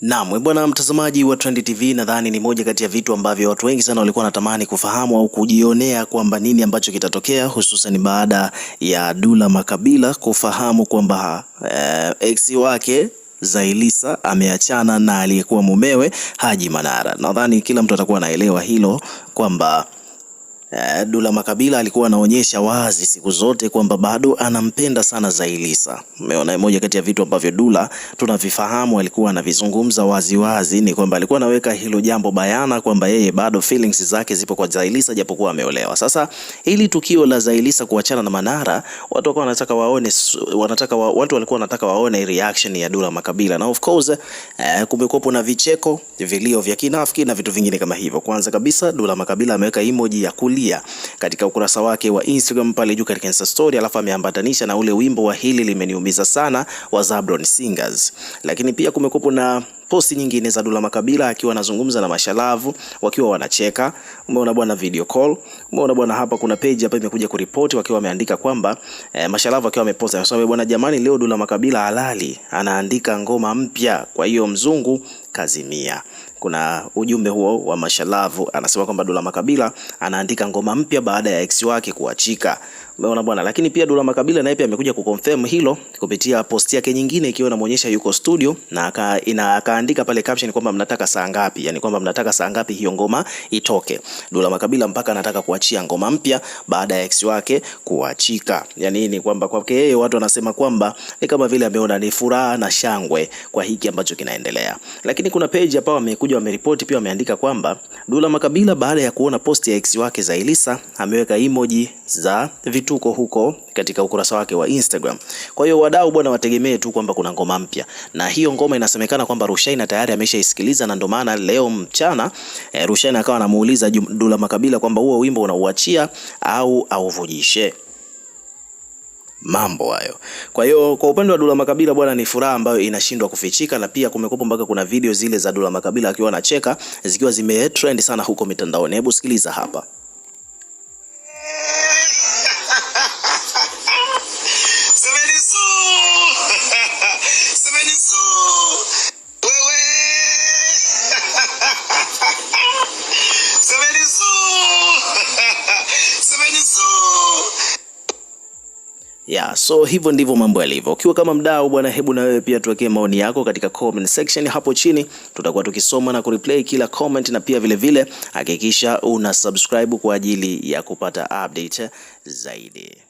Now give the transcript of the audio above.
Naam, eh, bwana mtazamaji wa Trend TV, nadhani ni moja kati ya vitu ambavyo watu wengi sana walikuwa wanatamani kufahamu au kujionea kwamba nini ambacho kitatokea, hususan baada ya Dula Makabila kufahamu kwamba eh, wake Zailisa ameachana na aliyekuwa mumewe Haji Manara. Nadhani kila mtu atakuwa anaelewa hilo kwamba Eh, Dula Makabila alikuwa anaonyesha wazi siku zote kwamba bado anampenda sana Zailisa. Umeona, moja kati ya vitu ambavyo Dula tunavifahamu alikuwa anavizungumza wazi wazi ni kwamba alikuwa anaweka hilo jambo bayana kwamba yeye bado feelings zake zipo kwa Zailisa japokuwa ameolewa. Sasa hili tukio la Zailisa kuachana na Manara, watu walikuwa wanataka waone, wanataka wa, watu walikuwa wanataka waone reaction ya Dula Makabila na of course eh, kumekuwa na vicheko, vilio vya kinafiki na vitu vingine kama hivyo. Kwanza kabisa Dula Makabila ameweka emoji ya kulia pia katika ukurasa wake wa Instagram pale juu katika Insta story, alafu ameambatanisha na ule wimbo wa hili limeniumiza sana wa Zabron Singers. Lakini pia kumekuwa na posti nyingine za Dula Makabila akiwa anazungumza na Mashalavu wakiwa wanacheka. Umeona bwana video call, umeona bwana hapa, kuna page hapa imekuja kuripoti wakiwa wameandika kwamba eh, Mashalavu akiwa ameposta anasema bwana, jamani, leo Dula Makabila halali anaandika ngoma mpya, kwa hiyo mzungu kazimia kuna ujumbe huo wa Mashalavu anasema kwamba Dula Makabila anaandika ngoma mpya baada ya ex wake kuachika. Umeona bwana, lakini pia Dula Makabila naye pia amekuja kuconfirm hilo kupitia posti yake nyingine ikiwa inamuonyesha yuko studio na aka, ina, akaandika pale caption kwamba mnataka saa ngapi? Yani kwamba mnataka saa ngapi hiyo ngoma itoke. Dula Makabila mpaka anataka kuachia ngoma mpya baada ya ex wake kuachika. Yani ni kwamba kwake yeye watu wanasema kwamba ni kama vile ameona ni furaha na shangwe kwa hiki ambacho kinaendelea. Lakini kuna page hapa wamekuja wamekuja wameripoti pia wameandika kwamba Dula Makabila baada ya kuona posti ya ex wake Zailisa ameweka emoji za vituko huko katika ukurasa wake wa Instagram. Kwa hiyo wadau bwana, wategemee tu kwamba kuna ngoma mpya, na hiyo ngoma inasemekana kwamba Rushaina tayari ameshaisikiliza, na ndio maana leo mchana e, Rushaina akawa anamuuliza Dula Makabila kwamba huo wimbo unauachia au auvujishe. Mambo hayo. Kwa hiyo kwa upande wa Dula Makabila bwana, ni furaha ambayo inashindwa kufichika, na pia kumekuwa mpaka kuna video zile za Dula Makabila akiwa anacheka zikiwa zimetrend sana huko mitandaoni. Hebu sikiliza hapa. Yeah, so hivyo ndivyo mambo yalivyo. Ukiwa kama mdau bwana, hebu na wewe pia tuwekee maoni yako katika comment section hapo chini, tutakuwa tukisoma na kureplay kila comment, na pia vilevile hakikisha vile, una subscribe kwa ajili ya kupata update zaidi.